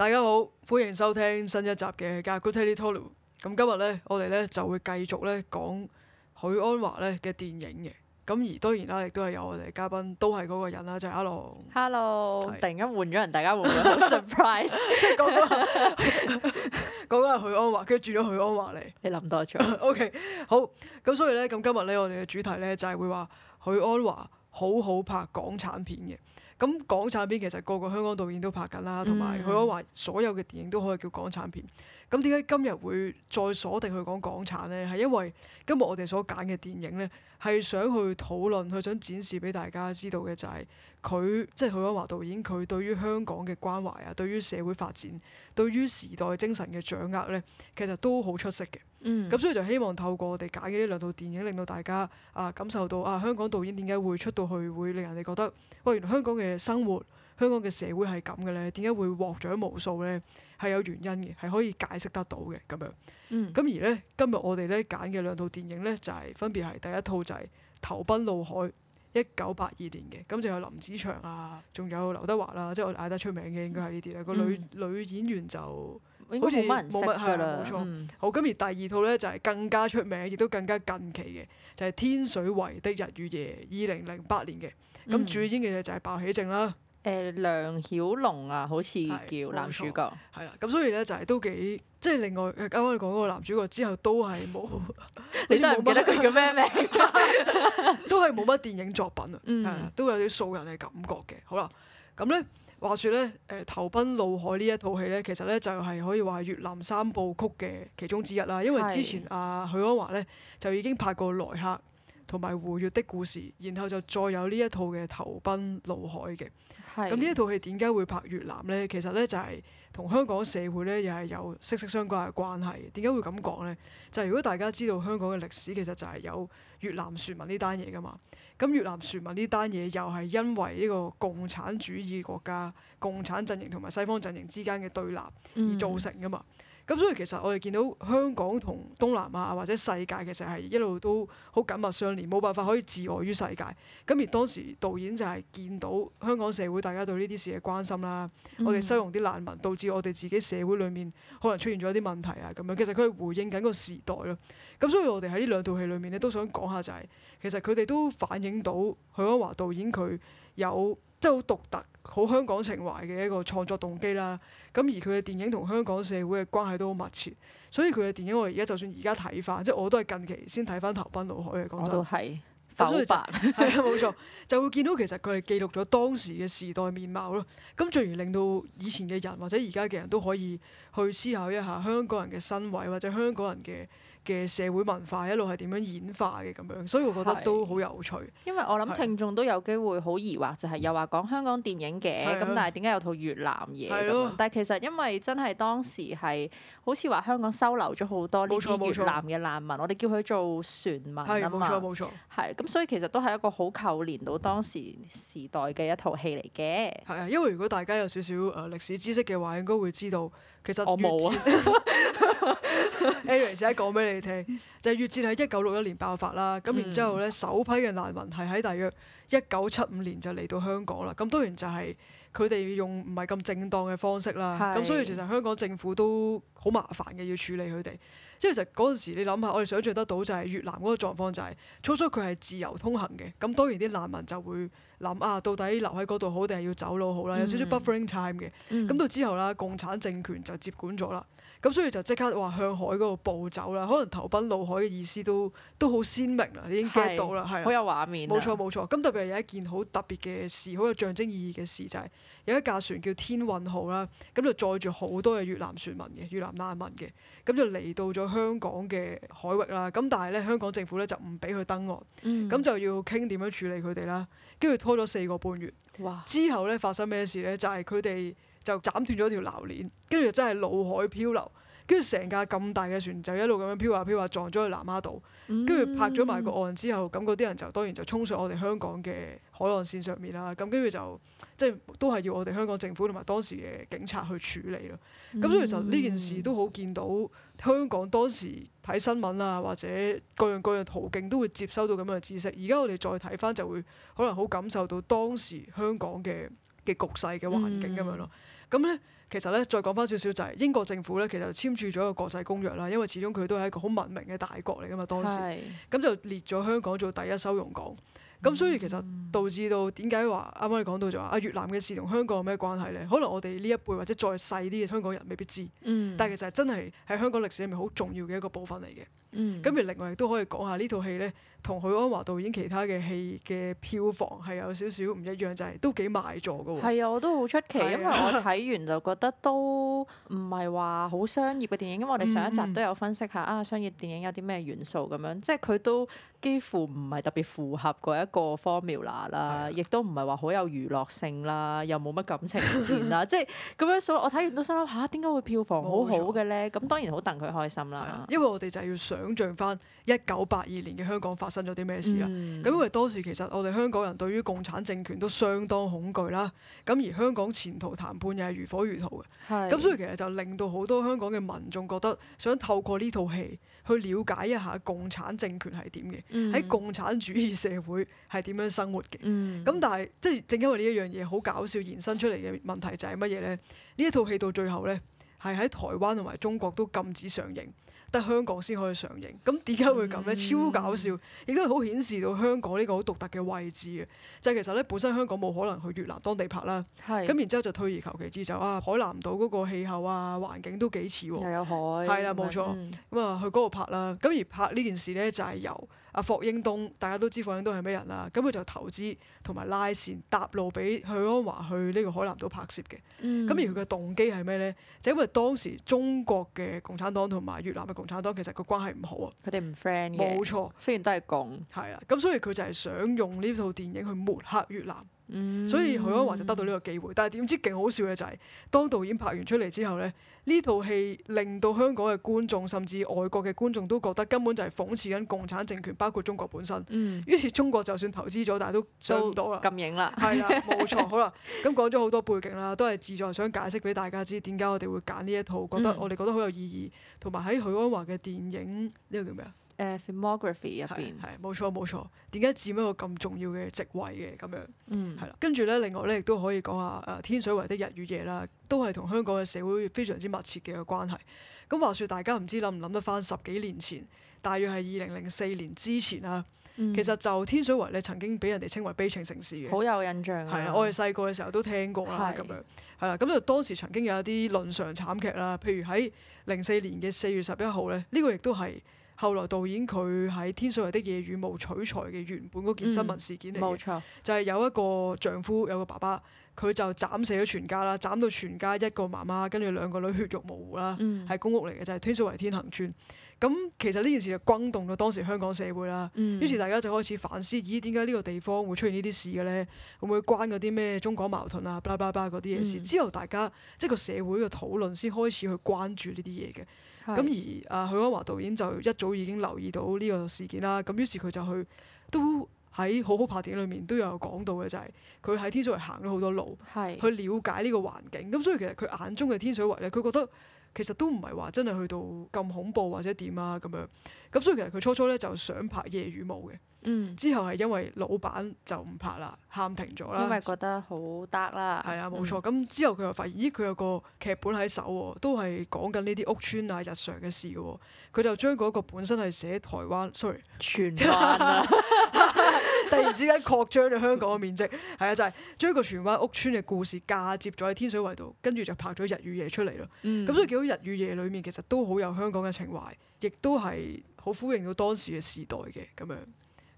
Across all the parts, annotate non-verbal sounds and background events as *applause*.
大家好，歡迎收聽新一集嘅《Gadgety Talk》。咁今日咧，我哋咧就會繼續咧講許鞍華咧嘅電影嘅。咁而當然啦，亦都係有我哋嘉賓，都係嗰個人啦，就係、是、阿龍。Hello，是突然間換咗人，大家會唔會好 surprise？ *laughs* 即係嗰個嗰個係許鞍華，跟住轉咗許鞍華嚟。你諗多咗。 *laughs* OK，好。咁所以咧，咁今日咧，我哋嘅主題咧就係會話許鞍華好好拍港產片嘅。咁港產片其實個個香港導演都拍緊啦，同埋佢可以話所有嘅電影都可以叫港產片。咁點解今日會再鎖定去講港產咧？係因為今日我哋所揀嘅電影咧，係想去討論，去想展示俾大家知道嘅就係佢，即係許鞍華導演佢對於香港嘅關懷啊，對於社會發展，對於時代精神嘅掌握咧，其實都好出色嘅。咁、嗯、所以就希望透過我哋揀嘅呢兩套電影，令到大家啊感受到啊香港導演點解會出到去，會令人哋覺得喂，原來香港嘅生活。香港嘅社會係咁嘅咧，點解會獲獎無數咧？係有原因嘅，係可以解釋得到嘅咁樣。咁、嗯、而咧，今日我哋咧揀嘅兩套電影咧，就係、是、分別係第一套就係、是《投奔怒海》一九八二年嘅，咁就有林子祥啊，仲有劉德華啦、啊，即係我哋嗌得出名嘅，應該係呢啲啦。個、嗯、女女演員就好似冇乜人識啦，冇錯。錯、嗯、好，咁而第二套咧就係更加出名，亦都更加近期嘅，就係、是《天水圍的日與夜》二零零八年嘅。咁、嗯、主演嘅就係鮑起靜啦。誒、呃、梁曉龍啊，好似叫男主角，係啦，咁所以咧就係、是、都幾，即係另外啱啱你講嗰個男主角之後都係冇， *laughs* 你都係冇記得佢叫咩名， *laughs* 都係冇乜電影作品啊，係啊、嗯，都有啲素人嘅感覺嘅。好啦，咁咧話説咧，誒投奔怒海一呢一套戲咧，其實咧就係可以話係越南三部曲嘅其中之一啦，因為之前阿、啊、許鞍華咧就已經拍過來客。同埋胡越的故事，然後就再有呢一套嘅投奔怒海嘅。咁呢是一套戲點解會拍越南咧？其實咧就係、是、同香港社會咧又係有息息相關嘅關係。點解會咁講咧？就係、如果大家知道香港嘅歷史，其實就係有越南船民呢單嘢噶嘛。咁越南船民呢單嘢又係因為呢個共產主義國家、共產陣營同埋西方陣營之間嘅對立而造成噶嘛。嗯。咁所以其實我哋見到香港同東南亞或者世界其實係一路都好緊密相連，冇辦法可以自外於世界。咁而當時導演就係見到香港社會大家對呢啲事嘅關心啦，嗯、我哋收容啲難民，導致我哋自己社會裡面可能出現咗啲問題啊咁樣。其實佢係回應緊個時代咯。咁所以我哋喺呢兩套戲裡面咧，都想講下就係、是、其實佢哋都反映到許鞍華導演佢有。即係好獨特、好香港情懷嘅一個創作動機啦。咁而佢嘅電影同香港社會嘅關係都好密切，所以佢嘅電影我而家就算而家睇翻，即係我都係近期先睇翻投奔怒海嘅。講真，我都係浮白，係啊，冇錯，就會見到其實佢係記錄咗當時嘅時代面貌咯。咁自然令到以前嘅人或者而家嘅人都可以去思考一下香港人嘅身位或者香港人嘅。嘅社會文化一路係點樣演化嘅咁樣，所以我覺得係都好有趣。因為我諗聽眾都有機會好疑惑，就係、係、又話講香港電影嘅，咁係但係點解有套越南嘢？係但係其實因為真係當時係好似話香港收留咗好多呢啲越南嘅難民，我哋叫佢做船民啊嘛。係，冇錯冇錯。係咁，所以其實都係一個好扣連到當時時代嘅一套戲嚟嘅。係啊，因為如果大家有少少誒歷史知識嘅話，應該會知道。其實我冇啊。 *laughs* Aaron、anyway，先講俾你聽，就係、是、越戰喺一九六一年爆發啦，咁、嗯、然之後咧，首批嘅難民係喺大約一九七五年就嚟到香港啦。咁當然就係佢哋用唔係咁正當嘅方式啦。咁是所以其實香港政府都好麻煩嘅，要處理佢哋。即係其實嗰陣時，你諗下，我哋想象得到就係越南嗰個狀況，就是，就係初初佢係自由通行嘅，咁當然啲難民就會諗啊，到底留喺嗰度好定係要走佬好啦，有少少 buffering time 嘅，咁、mm hmm. 到之後啦，共產政權就接管咗啦。咁所以就即刻話向海嗰個步走啦，可能投奔怒海嘅意思都都好鮮明，你是啦，已經 get 到啦，係好有畫面。冇錯冇錯，咁特別係有一件好特別嘅事，好有象徵意義嘅事就係、是、有一架船叫天運號啦，咁就載住好多嘅越南船民嘅、越南難民嘅，咁就嚟到咗香港嘅海域啦。咁但係咧，香港政府咧就唔俾佢登岸，咁、嗯、就要傾點樣處理佢哋啦。跟住拖咗四個半月，哇之後咧發生咩事咧？就係佢哋。就斬斷咗條纜鏈，跟住真係怒海漂流，跟住成架咁大嘅船就一路咁樣漂啊漂啊，撞咗去南丫島，跟住拍咗埋個岸之後，咁嗰啲人就當然就衝上我哋香港嘅海岸線上面啦。咁跟住就即係都係要我哋香港政府同埋當時嘅警察去處理咯。咁所以其實呢件事都好見到香港當時睇新聞啊，或者各樣各樣途徑都會接收到咁樣嘅知識。而家我哋再睇翻就會可能好感受到當時香港嘅嘅局勢嘅環境咁、嗯、樣咯，咁咧其實咧再講翻少少就係、是、英國政府咧其實簽署咗一個國際公約啦，因為始終佢都係一個好文明嘅大國嚟噶嘛當時，咁是就列咗香港做第一收容港，咁、嗯、所以其實導致到點解話啱啱你講到就話啊越南嘅事同香港有咩關係咧？可能我哋呢一輩或者再細啲嘅香港人未必知，嗯、但係其實真係喺香港歷史入面好重要嘅一個部分嚟嘅。嗯，咁而另外亦都可以講下呢套戲咧，同許鞍華導演其他嘅戲嘅票房係有少少唔一樣，就係都幾賣座噶喎。係啊，我都好出奇，啊、因為我睇完就覺得都唔係話好商業嘅電影，因為我哋上一集都有分析下、嗯嗯、啊，商業電影有啲咩元素咁樣，即係佢都幾乎唔係特別符合嗰一個 formula 啦、啊，亦都唔係話好有娛樂性啦，又冇乜感情線啦， *laughs* 即係咁樣數，我睇完都心諗吓，點、啊、解會票房好好嘅咧？咁錯當然好戥佢開心啦、啊，因為我哋就要上。 *noise* 想像翻一九八二年嘅香港發生咗啲咩事呀？咁、嗯、因為當時其實我哋香港人對於共產政權都相當恐懼啦。咁而香港前途談判又係如火如荼嘅。咁是、嗯、所以其實就令到好多香港嘅民眾覺得想透過呢套戲去了解一下共產政權係點嘅，喺、嗯、共產主義社會係點樣生活嘅。咁、嗯嗯、但係即係正因為呢一樣嘢好搞笑，延伸出嚟嘅問題就係乜嘢呢？呢一套戲到最後呢，係喺台灣同埋中國都禁止上映。得香港先可以上映，咁點解會咁咧？超搞笑，亦都係好顯示到香港呢個好獨特嘅位置嘅，就係、是、其實咧本身香港冇可能去越南當地拍啦，咁是然之後就退而求其次就啊海南島嗰個氣候啊環境都幾似喎，又有海，係啦冇錯，咁啊、嗯、去嗰度拍啦，咁而拍呢件事咧就係由。阿霍英東，大家都知霍英東係咩人啦。咁佢就投資同埋拉線搭路俾許鞍華去呢個海南島拍攝嘅。咁、嗯、而佢嘅動機係咩咧？就是、因為當時中國嘅共產黨同埋越南嘅共產黨其實個關係唔好啊。佢哋唔 friend 嘅。冇錯，雖然都係共。係啦。咁所以佢就係想用呢套電影去抹黑越南。嗯、所以許鞍華就得到呢個機會，但係點知勁好笑嘅就係、是、當導演拍完出嚟之後呢，呢套戲令到香港嘅觀眾甚至外國嘅觀眾都覺得根本就係諷刺緊共產政權，包括中國本身。嗯、於是中國就算投資咗，但係都收唔到啦，禁影啦，係啊，冇錯。 *laughs* 好啦，咁講咗好多背景啦，都係旨在想解釋俾大家知點解我哋會揀呢一套，覺得我哋覺得好有意義，同埋喺許鞍華嘅電影呢度入邊。呢個誒、uh, filmography 入邊冇錯冇錯，點解佔一個咁重要嘅席位嘅咁樣？嗯，係啦，跟住咧，另外咧，亦都可以講下誒天水圍的日與夜啦，都係同香港嘅社會非常之密切嘅一個關係。咁話説，大家唔知諗唔諗得翻十幾年前，大約係二零零四年之前啦、啊。嗯、其實就天水圍咧，曾經俾人哋稱為悲情城市嘅，好有印象嘅係我哋細個嘅時候都聽過啦，咁是 樣係啦。咁就當時曾經有一啲倫常慘劇啦，譬如喺零四年嘅四月十一號咧，呢、呢個亦都係。後來導演佢喺《天水圍的夜雨》無取材嘅原本嗰件新聞事件嚟嘅，嗯、就係有一個丈夫，有個爸爸，佢就斬死咗全家啦，斬到全家一個媽媽，跟住兩個女血肉模糊啦，係、嗯、公屋嚟嘅，就係、是、天水圍天恆村。咁其實呢件事就轟動咗當時香港社會啦，嗯、於是大家就開始反思：咦，點解呢個地方會出現呢啲事嘅咧？會唔會關嗰啲咩中港矛盾啊？巴拉巴 h 嗰啲嘢事。嗯、之後大家即係個社會嘅討論先開始去關注呢啲嘢嘅。咁而啊許鞍華導演就一早已經留意到呢個事件啦，咁於是佢就去都喺好好拍電影裏面都有講到嘅就係佢喺天水圍行咗好多路，去了解呢個環境。咁所以其實佢眼中嘅天水圍咧，佢覺得。其實都唔係話真係去到咁恐怖或者點啊，咁樣，咁所以其實佢初初咧就想拍夜雨霧嘅，嗯、之後係因為老闆就唔拍啦，喊停咗啦。因為覺得好得啦。係啊，冇錯。咁、嗯、之後佢又發現，咦，佢有個劇本喺手喎，都係講緊呢啲屋村啊、日常嘅事喎、啊，佢就將嗰個本身係寫台灣，sorry，荃灣 *laughs* *laughs* 突然之間擴張咗香港嘅面積，係啊，就係、是、將一個荃灣屋村嘅故事嫁接咗喺天水圍度，跟住就拍咗《日與夜》出嚟咯。咁所以見到《日與夜》裏面其實都好有香港嘅情懷，亦都係好呼應到當時嘅時代嘅咁樣。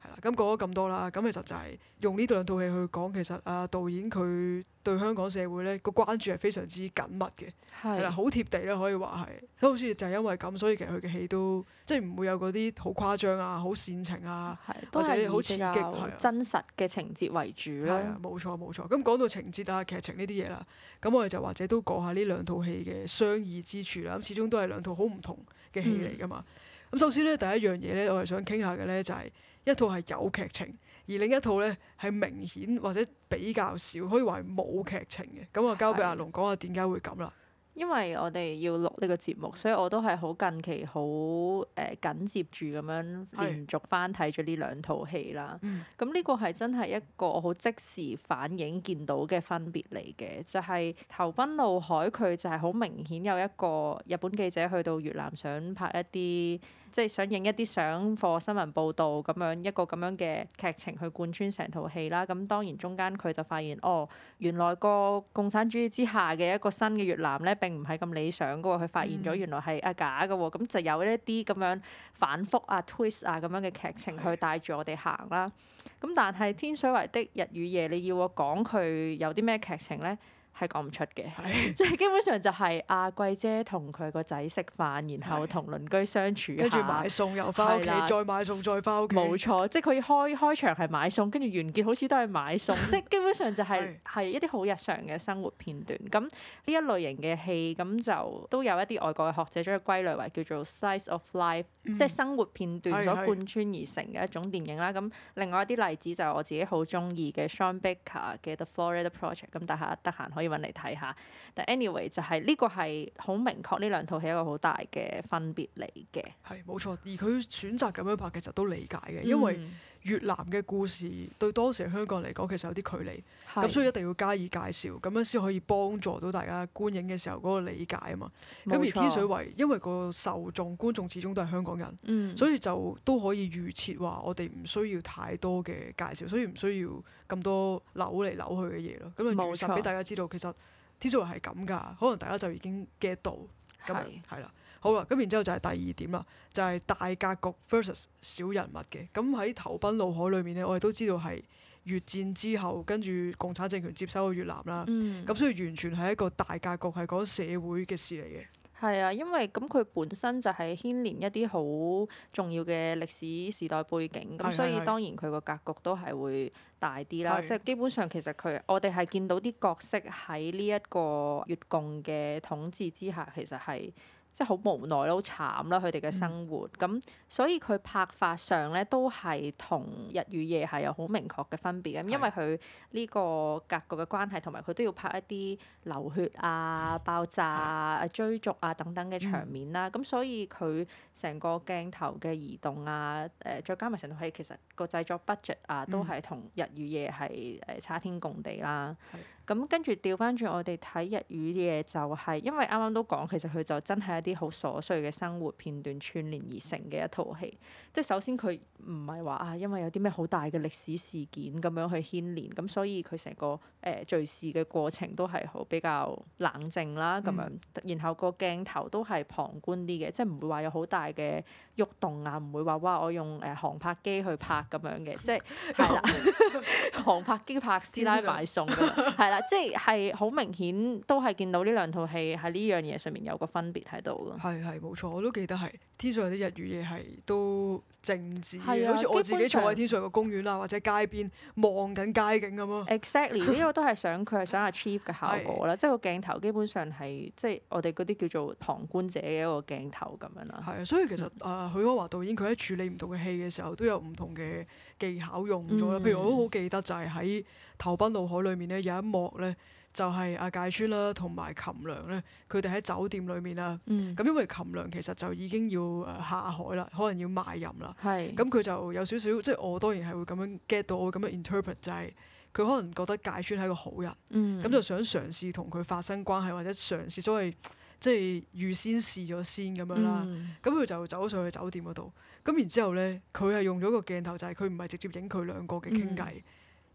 係啦，咁、嗯、講咗咁多啦，咁其實就係用呢兩套戲去講，其實啊導演佢對香港社會咧個關注係非常之緊密嘅，係啦的，好貼地啦，可以話係。咁好似就係因為咁，所以其實佢嘅戲都即係唔會有嗰啲好誇張啊、好煽情啊，或者好刺激的真實嘅情節為主啦。冇錯冇錯，咁講到情節啊、劇情呢啲嘢啦，咁我哋就或者都講下呢兩套戲嘅相異之處啦。咁始終都係兩套好唔同嘅戲嚟㗎嘛。咁、嗯、首先咧，第一樣嘢咧，我係想傾下嘅咧就係、是。一套係有劇情，而另一套咧係明顯或者比較少，可以話係冇劇情嘅。咁啊，交俾阿龍講下點解會咁啦。因為我哋要錄呢個節目，所以我都係好近期好誒、呃、緊接住咁樣連續翻睇咗呢兩套戲啦。咁呢是個係真係一個好即時反映見到嘅分別嚟嘅，就係《投奔怒海》，佢就係好明顯有一個日本記者去到越南想拍一啲。即係想影一啲上課新聞報導咁樣一個咁樣嘅劇情去貫穿成套戲啦。咁當然中間佢就發現哦，原來個共產主義之下嘅一個新嘅越南咧並唔係咁理想嘅喎。佢發現咗原來係啊假嘅喎。咁、嗯、就有一啲咁樣反覆啊 twist 啊咁樣嘅劇情去帶住我哋行啦。咁是但係天水圍的日與夜，你要我講佢有啲咩劇情咧？係講唔出嘅，係， *laughs* 即係基本上就係阿貴姐同佢個仔食飯，然後同鄰居相處，跟住買餸又翻屋企，的再買餸再翻屋企，冇錯錯， *laughs* 即係佢開開場係買買餸，跟住完結好似都係買餸，即係基本上就係、是、係的一啲好日常嘅生活片段。咁呢一類型嘅戲咁就都有一啲外國嘅學者將佢歸類為叫做 slice of life，、嗯、即係生活片段所貫穿而成嘅一種電影啦。咁另外一啲例子就係我自己好中意嘅 Sean Baker 嘅 The Florida Project，咁大家得閒可以。可以搵嚟睇下，但 anyway 就係呢個係好明確，呢兩套係一個好大嘅分別嚟嘅。係冇錯，而佢選擇咁樣拍其實都理解嘅，因為，嗯越南嘅故事對當時香港嚟講其實有啲距離，咁是所以一定要加以介紹，咁樣先可以幫助到大家觀影嘅時候嗰個理解啊嘛。咁錯而《天水圍》因為個受眾觀眾始終都係香港人，嗯、所以就都可以預設話我哋唔需要太多嘅介紹，所以唔需要咁多扭嚟扭去嘅嘢咯。咁就如實俾大家知道，其實《天水圍》係咁㗎，可能大家就已經 get 到，係係啦。是好啦，咁然之後就係第二點啦，就係、是、大格局 versus 小人物嘅。咁喺《投奔怒海》裏面咧，我哋都知道係越戰之後，跟住共產政權接收到越南啦。咁、嗯、所以完全係一個大格局，係講社會嘅事嚟嘅。係啊，因為咁佢本身就係牽連一啲好重要嘅歷史時代背景，咁所以當然佢個格局都係會大啲啦。即係是基本上，其實佢我哋係見到啲角色喺呢一個越共嘅統治之下，其實係。即係好無奈咯，好慘啦，佢哋嘅生活咁、嗯，所以佢拍法上咧都係同《日與夜》係有好明確嘅分別嘅，嗯、因為佢呢個格局嘅關係，同埋佢都要拍一啲流血啊、爆炸啊、嗯、追逐啊等等嘅場面啦。咁、嗯、所以佢成個鏡頭嘅移動啊，誒、呃，再加埋成套戲其實個製作 budget 啊，都係同《日與夜》係、呃、誒差天共地啦。嗯嗯。咁跟住調翻轉，我哋睇日語啲嘢就係，因為啱啱都講，其實佢就真係一啲好瑣碎嘅生活片段串聯而成嘅一套戲。即首先佢唔係話啊，因為有啲咩好大嘅歷史事件咁樣去牽連，咁所以佢成個誒敘事嘅過程都係好比較冷靜啦，咁樣。然後個鏡頭都係旁觀啲嘅，即唔會話有好大嘅喐動啊，唔會話哇我用誒航拍機去拍咁樣嘅，即係係啦，航拍機拍師奶買餸㗎嘛，係。即係好明顯，都係見到呢兩套戲喺呢樣嘢上面有個分別喺度咯。係係冇錯，我都記得係天上啲日與夜係都靜止，好似、啊、我自己坐喺天上個公園啦，或者街邊望緊街景咁咯。Exactly 呢個都係想佢係想 achieve 嘅效果啦， *laughs* 啊、即係個鏡頭基本上係即係我哋嗰啲叫做旁觀者嘅一個鏡頭咁樣啦。係啊，所以其實誒、呃、許鞍華導演佢喺處理唔同嘅戲嘅時候都有唔同嘅技巧用咗譬、嗯、如我都好記得就係喺頭崩腦海裡面咧有一幕咧，就係阿芥川啦，同埋琴娘咧，佢哋喺酒店裡面啊。咁、嗯、因為琴娘其實就已經要下海啦，可能要賣淫啦。咁佢是就有少少，即、就、係、是、我當然係會咁樣 get 到，我咁樣 interpret 就係佢可能覺得芥川係一個好人，咁、嗯、就想嘗試同佢發生關係，或者嘗試所謂即係預先試咗先咁樣啦。咁佢、嗯、就走上去酒店嗰度，咁然之後咧，佢係用咗一個鏡頭，就係佢唔係直接影佢兩個嘅傾偈。嗯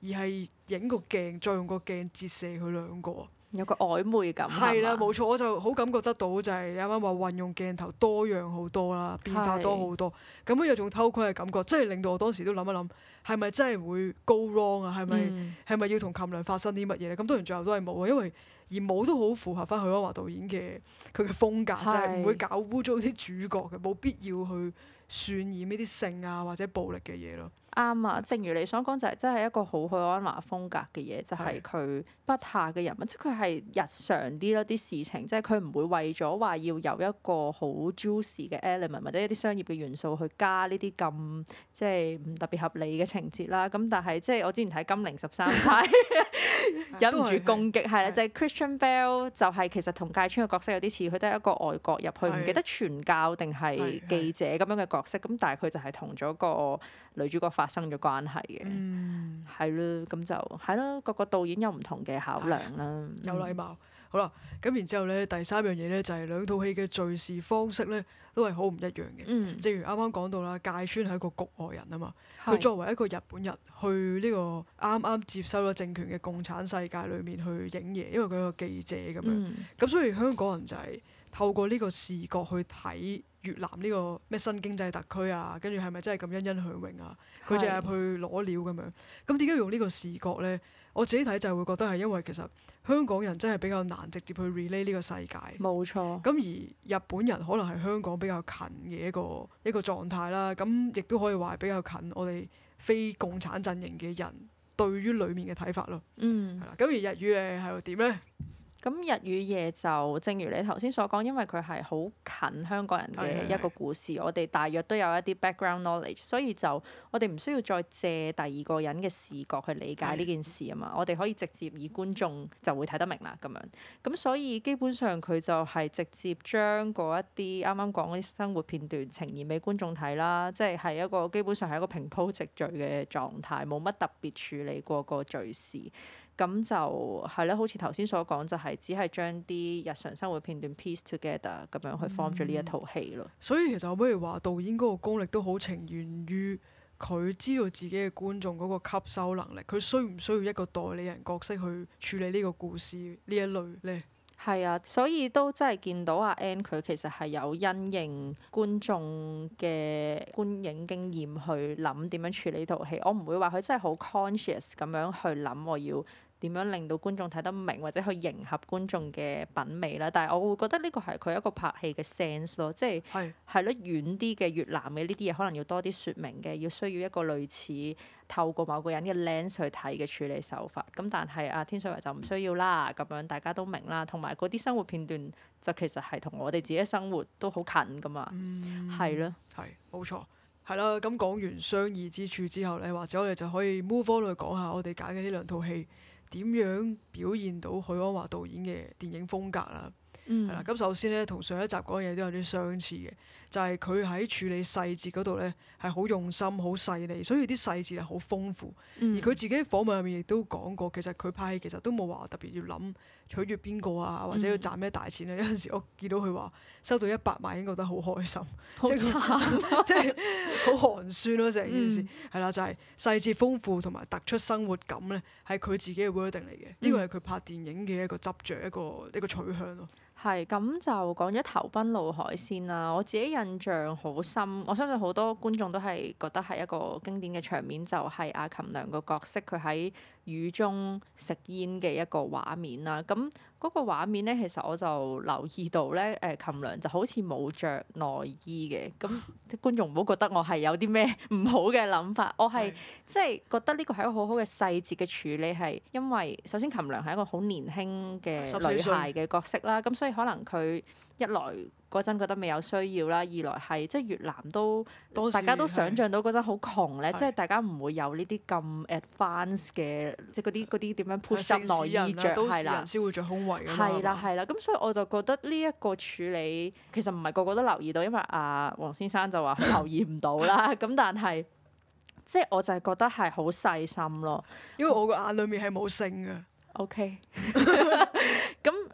而係影個鏡，再用個鏡折射佢兩個，有個曖昧感。係啦的，冇吧錯，我就好感覺得到就係你啱啱話運用鏡頭多樣好多啦，變化多好多，咁樣是有種偷窺嘅感覺，真、就、係、是、令到我當時都諗一諗，係咪真係會 go wrong 啊？係咪係咪要同琴娘發生啲乜嘢咧？咁當然最後都係冇，因為而冇都好符合翻許鞍華導演嘅佢嘅風格，是就係唔會搞污糟啲主角嘅，冇必要去渲染呢啲性啊或者暴力嘅嘢咯。啱啊，正如你所講，就係真係一個好許鞍華風格嘅嘢，就係佢筆下嘅人物，即係佢係日常啲咯，啲事情，即係佢唔會為咗話要有一個好 juicy 嘅 element 或者一啲商業嘅元素去加呢啲咁即係唔特別合理嘅情節啦。咁但係即係我之前睇《金陵十三釵》， *laughs* *laughs* 忍唔住攻擊，係啦對，就係 Christian Bell 就係其實同芥川嘅角色有啲似，佢都係一個外國入去，唔是是 記得傳教定係記者咁樣嘅角色，咁是但係佢就係同咗個女主角發生咗關係嘅，係咯、嗯，咁就係咯，各個導演有唔同嘅考量啦、哎。有禮貌，嗯、好啦，咁然之後咧，第三樣嘢咧就係、是、兩套戲嘅敍事方式咧都係好唔一樣嘅。嗯、正如啱啱講到啦，芥川係一個局外人啊嘛，佢是作為一個日本人去呢、這個啱啱接收咗政權嘅共產世界裏面去影嘢，因為佢係個記者咁樣，咁、嗯、所以香港人就係、是。透過呢個視角去睇越南呢個咩新經濟特區啊，跟住係咪真係咁欣欣向榮啊？佢淨係去攞料咁樣。咁點解用呢個視角呢？我自己睇就係會覺得係因為其實香港人真係比較難直接去 relate 呢個世界。冇錯。咁而日本人可能係香港比較近嘅一個一個狀態啦。咁亦都可以話係比較近我哋非共產陣營嘅人對於裡面嘅睇法咯。嗯。係啦。咁而日語呢係點呢？咁日與夜就正如你頭先所講，因為佢係好近香港人嘅一個故事，的我哋大約都有一啲 background knowledge，所以就我哋唔需要再借第二個人嘅視覺去理解呢件事啊嘛，的我哋可以直接以觀眾就會睇得明啦咁樣。咁所以基本上佢就係直接將嗰一啲啱啱講嗰啲生活片段呈現俾觀眾睇啦，即係係一個基本上係一個平鋪直敘嘅狀態，冇乜特別處理過個敘事。咁就係咧，好似頭先所講，就係只係將啲日常生活片段 piece together 咁樣去 form 咗呢一套戲咯。所以其實我不如話導演嗰個功力都好呈現於佢知道自己嘅觀眾嗰個吸收能力，佢需唔需要一個代理人角色去處理呢個故事呢一類呢係 *noise* 啊，所以都真係見到阿 Ann 佢其實係有因應觀眾嘅觀影經驗去諗點樣處理呢套戲。我唔會話佢真係好 conscious 咁樣去諗我要。點樣令到觀眾睇得明，或者去迎合觀眾嘅品味啦？但係我會覺得呢個係佢一個拍戲嘅 sense 咯，即係係咯遠啲嘅越南嘅呢啲嘢可能要多啲説明嘅，要需要一個類似透過某個人嘅 lens 去睇嘅處理手法。咁但係啊天水圍就唔需要啦，咁樣大家都明啦。同埋嗰啲生活片段就其實係同我哋自己生活都好近噶嘛，係咯、嗯，係冇錯，係啦。咁講完相異之處之後咧，或者我哋就可以 move on 去講下我哋揀嘅呢兩套戲。點樣表現到許鞍華導演嘅電影風格啦？係啦、嗯，咁首先咧，同上一集講嘅嘢都有啲相似嘅。就係佢喺處理細節嗰度咧，係好用心、好細緻，所以啲細節係好豐富。而佢自己訪問入面亦都講過，其實佢拍戲其實都冇話特別要諗取悅邊個啊，或者要賺咩大錢啊。有陣時我見到佢話收到一百萬已經覺得好開心，即係好寒酸咯成件事。係啦，就係細節豐富同埋突出生活感咧，係佢自己嘅 wording 嚟嘅。呢個係佢拍電影嘅一個執著，一個一個取向咯。係咁就講咗《投奔怒海》先啦，我自己。印象好深，我相信好多觀眾都係覺得係一個經典嘅場面，就係、是、阿琴娘個角色佢喺雨中食煙嘅一個畫面啦。咁嗰個畫面咧，其實我就留意到咧，誒琴娘就好似冇着內衣嘅。咁啲觀眾唔好覺得我係有啲咩唔好嘅諗法，我係是即係覺得呢個係一個好好嘅細節嘅處理，係因為首先琴娘係一個好年輕嘅女孩嘅角色啦，咁所以可能佢。一來嗰陣覺得未有需要啦，二來係即係越南都時大家都想象像到嗰陣好窮咧，的即係大家唔會有呢啲咁 advanced 嘅的即係嗰啲嗰啲點樣 push、啊、內衣着。係啦係啦，咁的吧所以我就覺得呢一個處理其實唔係個個都留意到，因為阿黃先生就話留意唔到啦，咁 *laughs* 但係即係我就係覺得係好細心咯，因為我個眼裏面係冇性嘅。OK。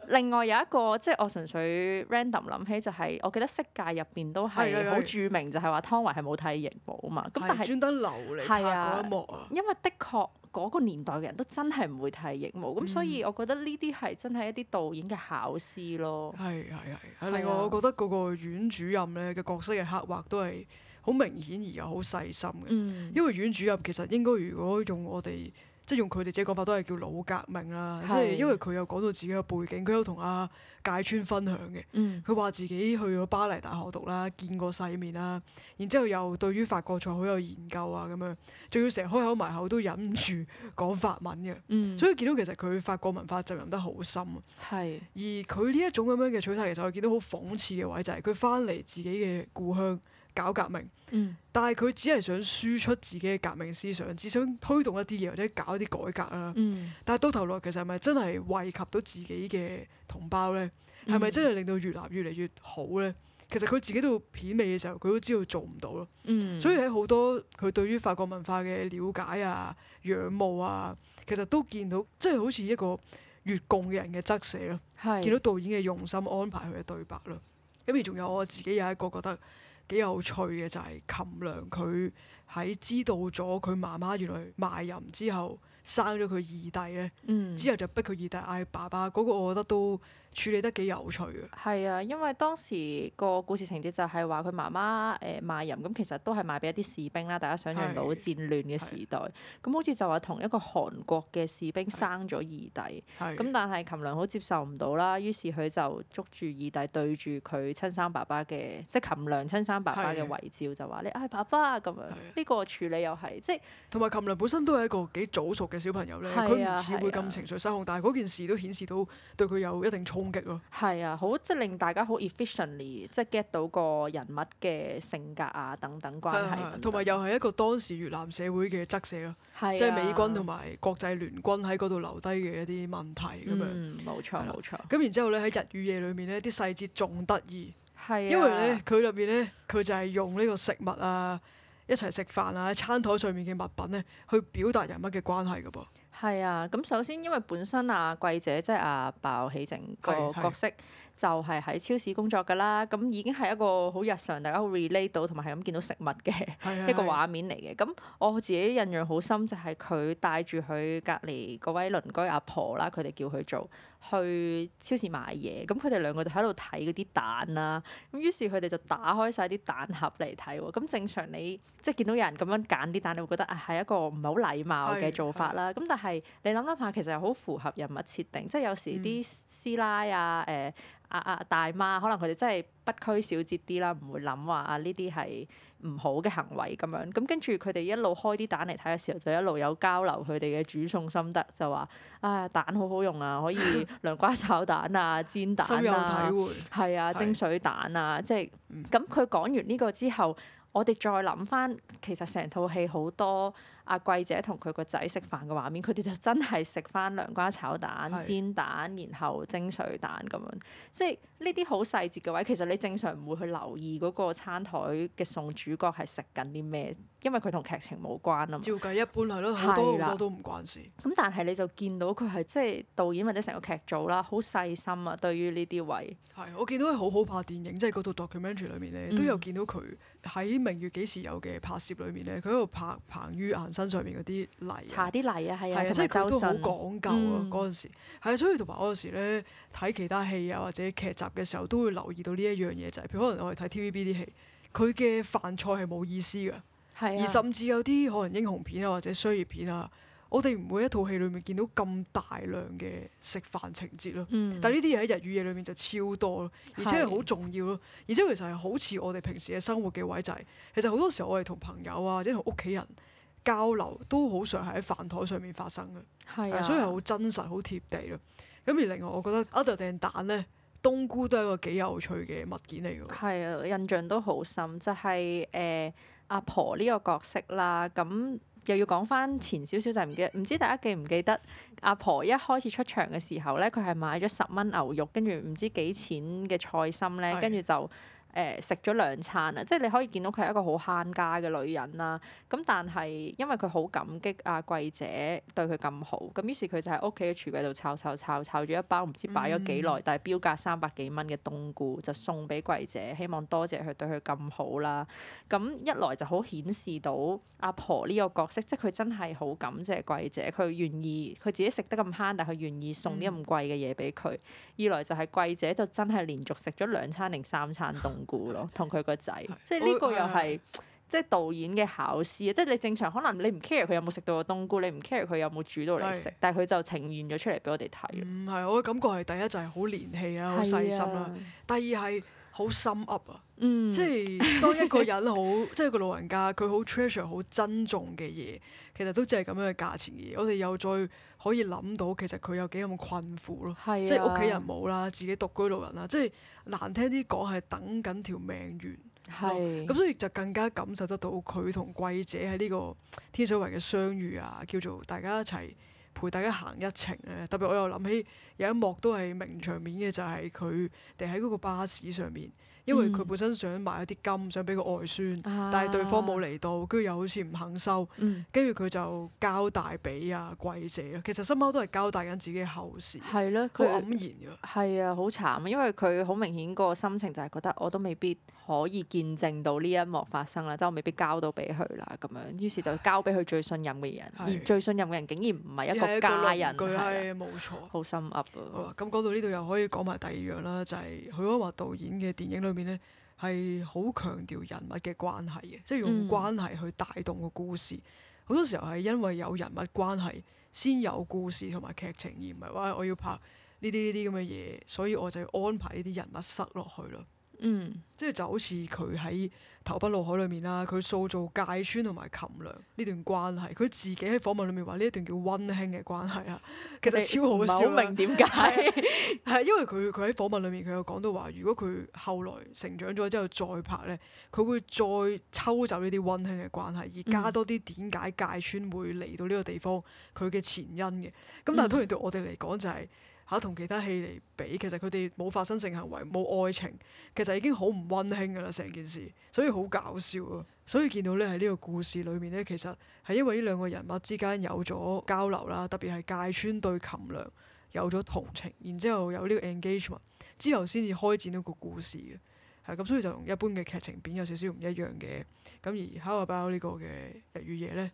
另外有一個即係、就是、我純粹 random 諗起就係、是，我記得《色戒》入邊都係好著名，的就係話湯唯係冇剃腋毛嘛。咁的但係專登留嚟拍嗰的一幕啊。因為的確嗰、那個年代嘅人都真係唔會剃腋毛，咁、嗯、所以我覺得呢啲係真係一啲導演嘅巧思咯。係係係。的另外，我覺得嗰個院主任咧嘅角色嘅刻畫都係好明顯而又好細心嘅。嗯、因為院主任其實應該如果用我哋。即係用佢哋自己講法都係叫老革命啦，所以是因為佢又講到自己嘅背景，佢有同阿界川分享嘅，佢話、嗯、自己去咗巴黎大學讀啦，見過世面啦，然之後又對於法國菜好有研究啊咁樣，仲要成日開口埋口都忍唔住講法文嘅，嗯、所以見到其實佢法國文化浸淫得好深，是而佢呢一種咁樣嘅取態，其實我見到好諷刺嘅位就係佢翻嚟自己嘅故鄉。搞革命，嗯、但係佢只係想輸出自己嘅革命思想，只想推動一啲嘢，或者搞一啲改革啦。嗯、但係到頭來，其實係咪真係惠及到自己嘅同胞呢？係咪、嗯、真係令到越南越嚟越好呢？其實佢自己到片尾嘅時候，佢都知道做唔到咯。嗯、所以喺好多佢對於法國文化嘅了解啊、仰慕啊，其實都見到即係好似一個越共嘅人嘅側寫咯。是見到導演嘅用心安排佢嘅對白咯。咁而仲有我自己有一個覺得。幾有趣嘅就係、是、琴娘佢喺知道咗佢媽媽原來賣淫之後，生咗佢二弟咧，嗯、之後就逼佢二弟嗌爸爸。嗰、那個我覺得都～處理得幾有趣啊！係啊，因為當時個故事情節就係話佢媽媽誒賣淫，咁其實都係賣俾一啲士兵啦。大家想象到戰亂嘅時代，咁的好似就話同一個韓國嘅士兵生咗異弟，咁的但係琴娘好接受唔到啦，於是佢就捉住異弟對住佢親生爸爸嘅，即係琴娘親生爸爸嘅遺照，的就話你嗌爸爸咁樣。呢的個處理又係即係同埋琴娘本身都係一個幾早熟嘅小朋友咧，佢唔似會咁情緒失控，的但係嗰件事都顯示到對佢有一定攻擊咯，係啊，好即係令大家好 efficiently 即係 get 到個人物嘅性格啊等等關係等等。同埋、啊、又係一個當時越南社會嘅側寫咯，啊、即係美軍同埋國際聯軍喺嗰度留低嘅一啲問題咁樣。冇、嗯、錯，冇、啊、錯。咁然之後咧喺日與夜裏面咧啲細節仲得意，啊、因為咧佢入面咧佢就係用呢個食物啊一齊食飯啊喺餐枱上面嘅物品咧去表達人物嘅關係㗎噃。係啊，咁首先因為本身啊貴姐即係啊鮑起靜個是是 角色就係喺超市工作㗎啦，咁已經係一個好日常，大家會 relate 到同埋係咁見到食物嘅一個畫面嚟嘅。咁是我自己印象好深就係、是、佢帶住佢隔離嗰位鄰居阿婆啦，佢哋叫佢做去超市買嘢，咁佢哋兩個就喺度睇嗰啲蛋啦、啊，咁於是佢哋就打開晒啲蛋盒嚟睇喎。咁正常你即係見到有人咁樣揀啲蛋，你會覺得啊係一個唔係好禮貌嘅做法啦。咁是是 但係係，你諗諗下，其實好符合人物設定，即係有時啲師奶啊、誒、啊、阿、啊、阿大媽，可能佢哋真係不拘小節啲啦，唔會諗話啊呢啲係唔好嘅行為咁樣。咁跟住佢哋一路開啲蛋嚟睇嘅時候，就一路有交流佢哋嘅煮餸心得，就話啊蛋好好用啊，可以涼瓜炒蛋啊、 *laughs* 煎蛋啊，係啊蒸水蛋啊，即係咁。佢講、就是、完呢個之後，我哋再諗翻，其實成套戲好多，阿貴、啊、姐同佢個仔食飯嘅畫面，佢哋就真係食翻涼瓜炒蛋、是的 煎蛋，然後蒸水蛋咁樣。即係呢啲好細節嘅位，其實你正常唔會去留意嗰個餐台嘅餸主角係食緊啲咩，因為佢同劇情冇關啊嘛。照計一般係咯，好多好的多都唔關事。咁但係你就見到佢係即係導演或者成個劇組啦，好細心啊，對於呢啲位。係，我見到佢好好拍電影，即係嗰、嗯、套 documentary 裏面咧，都有見到佢喺《明月幾時有》嘅拍攝裏面咧，佢喺度拍彭于晏身上面啲泥，搽啲泥啊，係啊，即係佢都好講究啊。嗰陣、嗯、時係啊，所以同埋我有時咧睇其他戲啊或者劇集嘅時候，都會留意到呢一樣嘢就係、是，譬如可能我哋睇 T V B 啲戲，佢嘅飯菜係冇意思嘅，是的 而甚至有啲可能英雄片啊或者商業片啊，我哋唔會一套戲裡面見到咁大量嘅食飯情節咯。嗯、但係呢啲嘢喺日與夜裡面就超多，而且係好重要咯。而且、就是、其實係好似我哋平時嘅生活嘅位就係其實好多時候我哋同朋友啊或者同屋企人，交流都好常係喺飯台上面發生嘅是、啊啊，所以係好真實、好貼地咯。咁而另外，我覺得阿頭掟蛋咧， *laughs* Dan，冬菇都係一個幾有趣嘅物件嚟㗎。係啊，印象都好深，就係誒阿婆呢個角色啦。咁又要講返前少少，就唔、是、記得，唔知大家記唔記得阿婆，婆一開始出場嘅時候咧，佢係買咗十蚊牛肉，跟住唔知幾錢嘅菜心咧，跟住是、啊、就。誒食咗兩餐啊，即係你可以見到佢係一個好慳家嘅女人啦。咁但係因為佢好感激阿、啊、貴姐對佢咁好，咁於是佢就喺屋企嘅櫥櫃度炒炒炒炒咗一包唔知擺咗幾耐，嗯、但係標價三百幾蚊嘅冬菇，就送俾貴姐，希望多謝佢對佢咁好啦。咁一來就好顯示到阿婆呢個角色，即係佢真係好感謝貴姐，佢願意佢自己食得咁慳，但係佢願意送啲咁貴嘅嘢俾佢。嗯、二來就係貴姐就真係連續食咗兩餐定三餐冬菇。菇咯，同佢的個仔，即係呢個又係即係導演嘅巧思啊！是的 即係你正常可能你唔 care 佢有冇食到個冬菇，你唔 care 佢有冇煮到嚟食，是的 但係佢就呈現咗出嚟俾我哋睇。唔係，我嘅感覺係第一就係好連戲啦，好細心啦。是的 第二係。好心噏啊！Um up, 嗯、即係當一個人好， *laughs* 即係個老人家，佢好 treasure、好珍重嘅嘢，其實都只係咁樣嘅價錢嘅嘢。我哋又再可以諗到，其實佢有幾咁困苦咯，啊、即係屋企人冇啦，自己獨居老人啦，即係難聽啲講係等緊條命完。係咁是，所以就更加感受得到佢同貴姐喺呢個天水圍嘅相遇啊，叫做大家一齊。陪大家行一程啊！特別我又諗起有一幕都係名場面嘅，就係佢哋喺嗰個巴士上面，因為佢本身想買一啲金，想俾個外孫，嗯、但係對方冇嚟到，跟住又好似唔肯收，跟住佢就交代俾阿貴姐咯。其實心口都係交代緊自己後事，係咯，佢黯然㗎。係啊，好、啊、慘，因為佢好明顯個心情就係覺得我都未必。可以見證到呢一幕發生啦，即我未必交到俾佢啦，咁樣，於是就交俾佢最信任嘅人，的而最信任嘅人竟然唔係一個家人，係冇的錯，好深刻啊，咁講到呢度又可以講埋第二樣啦，就係、是、許鞍華導演嘅電影裏面咧，係好強調人物嘅關係嘅，即、就、係、是、用關係去帶動個故事。好、嗯、多時候係因為有人物關係先有故事同埋劇情，而唔係話我要拍呢啲呢啲咁嘅嘢，所以我就要安排呢啲人物塞落去咯。嗯，即係就好似佢喺《投奔怒海》裏面啦，佢塑造芥川同埋琴娘呢段關係，佢自己喺訪問裏面話呢一段叫溫馨嘅關係啦，其實超好笑。嗯嗯、笑，唔明點解？係因為佢佢喺訪問裏面佢有講到話如果佢後來成長咗之後再拍咧，佢會再抽走呢啲溫馨嘅關係，而加多啲點解芥川會嚟到呢個地方佢嘅前因嘅。咁但係當然對我哋嚟講就係、是。嚇，同其他戲嚟比，其實佢哋冇發生性行為，冇愛情，其實已經好唔温馨㗎啦成件事，所以好搞笑啊！ *music* 所以見到咧，喺呢個故事裏面咧，其實係因為呢兩個人物之間有咗交流啦，特別係芥川對琴娘有咗同情，然之後有呢個 engagement，之後先至開展到個故事嘅，係咁，所以就同一般嘅劇情片有少少唔一樣嘅。咁而 How about 呢個嘅日與夜咧？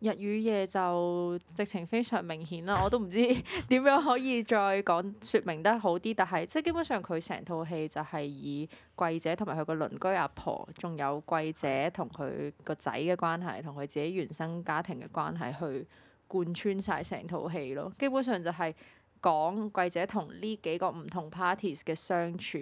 日與夜就直情非常明顯啦，我都唔知點 *laughs* 樣可以再講説明得好啲，但係即係基本上佢成套戲就係以貴姐同埋佢個鄰居阿婆，婆，仲有貴姐同佢個仔嘅關係，同佢自己原生家庭嘅關係去貫穿晒成套戲咯。基本上就係講貴姐同呢幾個唔同 parties 嘅相處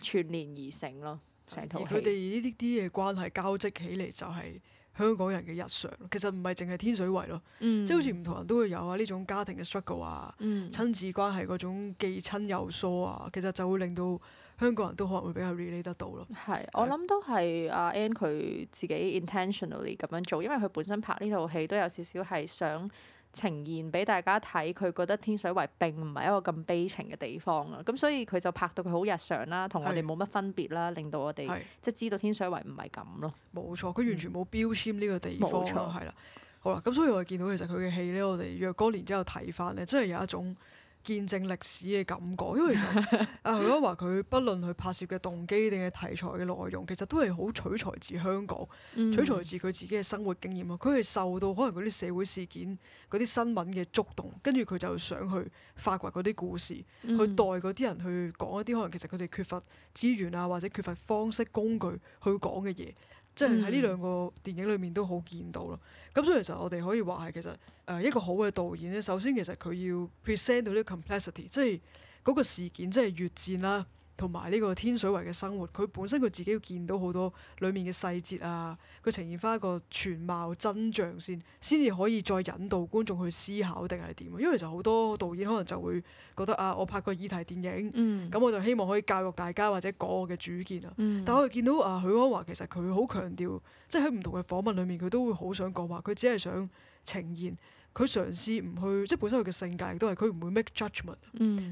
串聯而成咯，成套戲。而佢哋呢啲啲嘢關係交織起嚟就係、是。香港人嘅日常，其實唔係淨係天水圍咯，嗯、即係好似唔同人都會有啊呢種家庭嘅 struggle 啊，嗯、親子關係嗰種既親又疏啊，其實就會令到香港人都可能會比較 relate 得到咯。係是，嗯、我諗都係阿 Ann 佢自己 intentionally 咁樣做，因為佢本身拍呢套戲都有少少係想。呈現俾大家睇，佢覺得天水圍並唔係一個咁悲情嘅地方啊，咁所以佢就拍到佢好日常啦，同我哋冇乜分別啦，令到我哋是即係知道天水圍唔係咁咯。冇錯，佢完全冇標籤呢個地方，冇錯，係啦，好啦，咁所以我見到其實佢嘅戲咧，我哋若干年之後睇翻咧，真係有一種。見證歷史嘅感覺，因為其實 *laughs* 啊許鞍華佢不論佢拍攝嘅動機定係題材嘅內容，其實都係好取材自香港，嗯、取材自佢自己嘅生活經驗咯。佢係受到可能嗰啲社會事件、嗰啲新聞嘅觸動，跟住佢就想去發掘嗰啲故事，嗯、去代嗰啲人去講一啲可能其實佢哋缺乏資源啊，或者缺乏方式工具去講嘅嘢，即係喺呢兩個電影裏面都好見到咯。咁所以其實我哋可以話係其實。誒、呃、一個好嘅導演咧，首先其實佢要 present 到啲 complexity，即係嗰個事件，即係越戰啦、啊，同埋呢個天水圍嘅生活。佢本身佢自己要見到好多裡面嘅細節啊，佢呈現翻一個全貌真相先，先至可以再引導觀眾去思考定係點。因為其實好多導演可能就會覺得啊，我拍個議題電影，咁、嗯、我就希望可以教育大家或者講我嘅主見啊。嗯、但係我見到啊、呃、許鞍華其實佢好強調，即係喺唔同嘅訪問裡面，佢都會好想講話，佢只係想呈現。佢嘗試唔去，即係本身佢嘅性格亦都係，佢唔會 make judgment，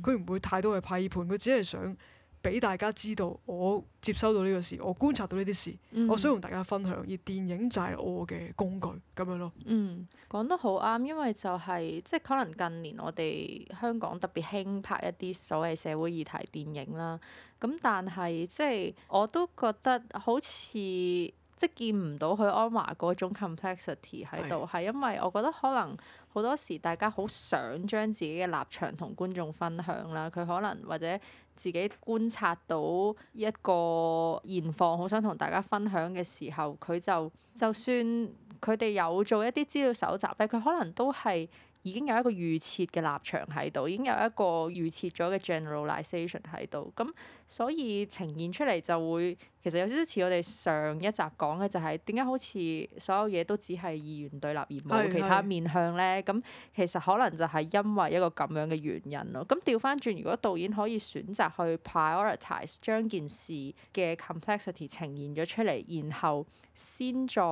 佢唔、嗯、會太多嘅批判，佢只係想俾大家知道我接收到呢個事，我觀察到呢啲事，嗯、我想同大家分享。而電影就係我嘅工具咁樣咯。嗯，講得好啱，因為就係、是、即係可能近年我哋香港特別興拍一啲所謂社會議題電影啦。咁但係即係我都覺得好似。即係見唔到許鞍華嗰種 complexity 喺度的，係因為我覺得可能好多時大家好想將自己嘅立場同觀眾分享啦，佢可能或者自己觀察到一個現況，好想同大家分享嘅時候，佢就就算佢哋有做一啲資料搜集咧，佢可能都係。已經有一個預設嘅立場喺度，已經有一個預設咗嘅 generalization 喺度，咁所以呈現出嚟就會其實有少少似我哋上一集講嘅、就係，就係點解好似所有嘢都只係二元對立而冇其他面向咧？咁其實可能就係因為一個咁樣嘅原因咯。咁調返轉，如果導演可以選擇去 prioritize 將件事嘅 complexity 呈現咗出嚟，然後先再。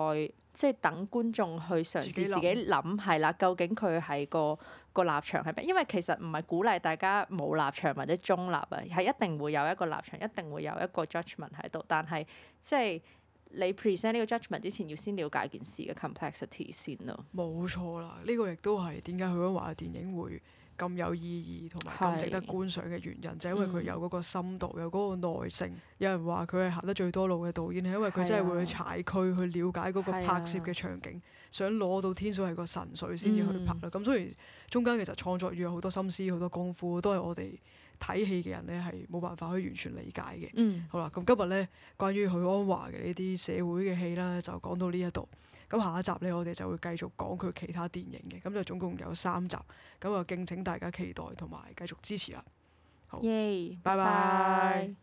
即係等觀眾去嘗試自己諗係啦，究竟佢係個個立場係咩？因為其實唔係鼓勵大家冇立場或者中立啊，係一定會有一個立場，一定會有一個 judgment 喺度。但係即係你 present 呢個 judgment 之前，要先了解件事嘅 complexity 先咯。冇錯啦，呢個亦都係點解許鞍華嘅電影會咁有意義同埋咁值得觀賞嘅原因，就係因為佢有嗰個深度，有嗰個耐性。嗯、有人話佢係行得最多路嘅導演，係因為佢真係會去踩區，去了解嗰個拍攝嘅場景，啊、想攞到天水圍個神水先至去拍啦。咁雖、嗯、然中間其實創作要有好多心思、好多功夫，都係我哋睇戲嘅人咧係冇辦法可以完全理解嘅。嗯、好啦，咁今日咧關於許鞍華嘅呢啲社會嘅戲啦，就講到呢一度。咁下一集呢，我哋就會繼續講佢其他電影嘅，咁就總共有三集，咁啊，敬請大家期待同埋繼續支持啦。好，拜拜！